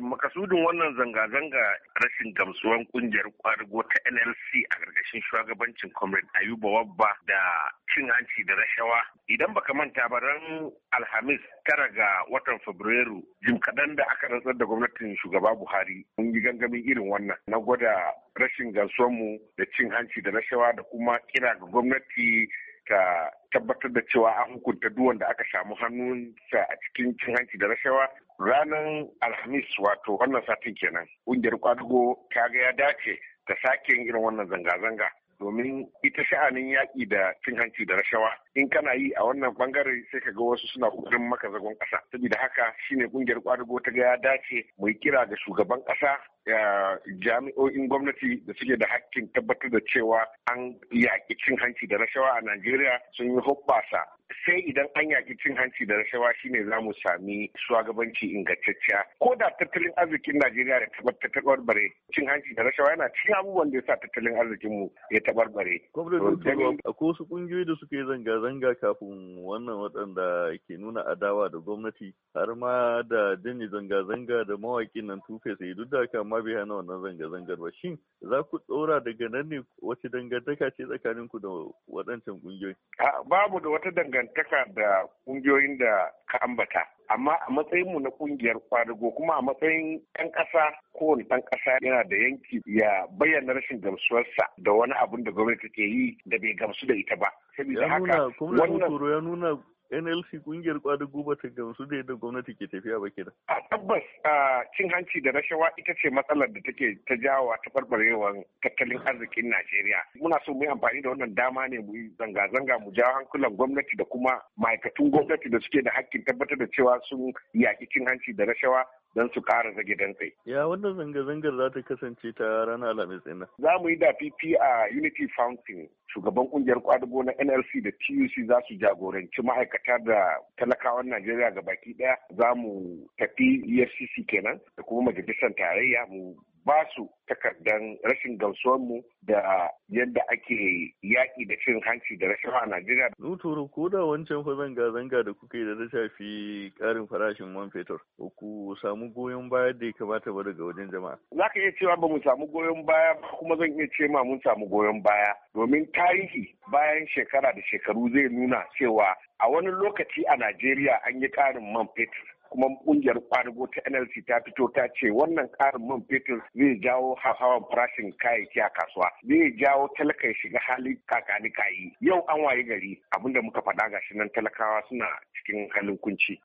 Makasudin wannan zanga-zanga rashin gamsuwan kungiyar kwargo ta NLC a ƙarƙashin shugabancin Comrade Ayuba Wabba da cin hanci da rashawa. Idan baka manta ba ran Alhamis tara ga watan Fabrairu jim kaɗan da aka rantsar da gwamnatin shugaba Buhari mun yi gangamin irin wannan na gwada rashin gamsuwanmu da cin hanci da rashawa da kuma kira ga gwamnati ta tabbatar da cewa an hukunta duwan da aka samu hannunsa a cikin cin hanci da rashawa ranar alhamis wato wannan satin kenan ƙungiyar kwadugo ta ga ya dace ta sake yin irin wannan zanga-zanga domin ita sha'anin yaƙi da cin hanci da rashawa in kana yi a wannan bangare sai ka ga wasu suna kokarin maka zagon ƙasa saboda haka shine ƙungiyar kwadugo ta ga ya dace mu kira ga shugaban ƙasa Eh, jami'o'in gwamnati da suke da hakkin tabbatar da cewa an yaƙi cin hanci da rashawa a Najeriya sun yi hoɓɓasa sai idan an yaƙi cin hanci da rashawa shine za mu sami shugabanci ingantacciya ko da tattalin arzikin Najeriya ya tabarbare cin hanci da rashawa yana cikin abubuwan da ya sa tattalin arzikin mu ya tabarbare. ko su kungiyoyi da suke zanga-zanga kafin wannan waɗanda ke nuna adawa da gwamnati har ma da janye zanga-zanga da mawaƙin nan tufe sai eh, duk da kama mabiya na wannan zanga-zangar ba shin za ku ɗora daga nan ne wace dangantaka ce tsakanin ku da waɗancan ƙungiyoyi? babu da wata dangantaka da ƙungiyoyin da ka ambata amma a matsayin mu na ƙungiyar kwadago kuma a matsayin ɗan ƙasa kowane ɗan ƙasa yana da yanki ya bayyana rashin gamsuwarsa da wani abun da gwamnati ke yi da bai gamsu da ita ba. Saboda haka wannan ya nuna nlc kungiyar kwadugo guba ta gamsu da yadda gwamnati ke tafiya ba kenan. a tabbas cin hanci da rashawa ita ce matsalar da take ta jawo ta tabarbarewar tattalin arzikin najeriya muna so muyi amfani da wannan dama ne mu yi zanga-zanga mu jawo hankulan gwamnati da kuma ma'aikatun gwamnati da suke da hakkin tabbatar da cewa sun yaƙi cin hanci da rashawa don su kara zage dantse. Ya wannan zanga-zangar za ta kasance ta ranar Alhamis ɗin Za mu yi dafifi a Unity Fountain. Shugaban ƙungiyar kwadugo na NLC da TUC za su jagoranci ma'aikata da talakawan Najeriya ga baki ɗaya. Za mu tafi EFCC kenan da kuma majalisar tarayya mu ba su takardan rashin gamsuwanmu da yadda ake yaƙi da cin hanci da rashin a Najeriya. Nuturu ko da wancan fa zanga-zanga da kuke da ta shafi ƙarin farashin man fetur, ko ku samu goyon baya da ya kamata ba daga wajen jama'a. Za ka iya cewa ba mu samu goyon baya ba kuma zan iya ce ma mun samu goyon baya domin tarihi bayan shekara da shekaru zai nuna cewa a wani lokaci a Najeriya an yi ƙarin man fetur. kuma kungiyar kwadago ta nlc ta fito ta ce wannan karin man fetur zai jawo hawan farashin kayayyaki a kasuwa zai jawo talaka shiga hali kakani kayi yau an waye gari abinda muka faɗa gashi nan talakawa suna cikin halin kunci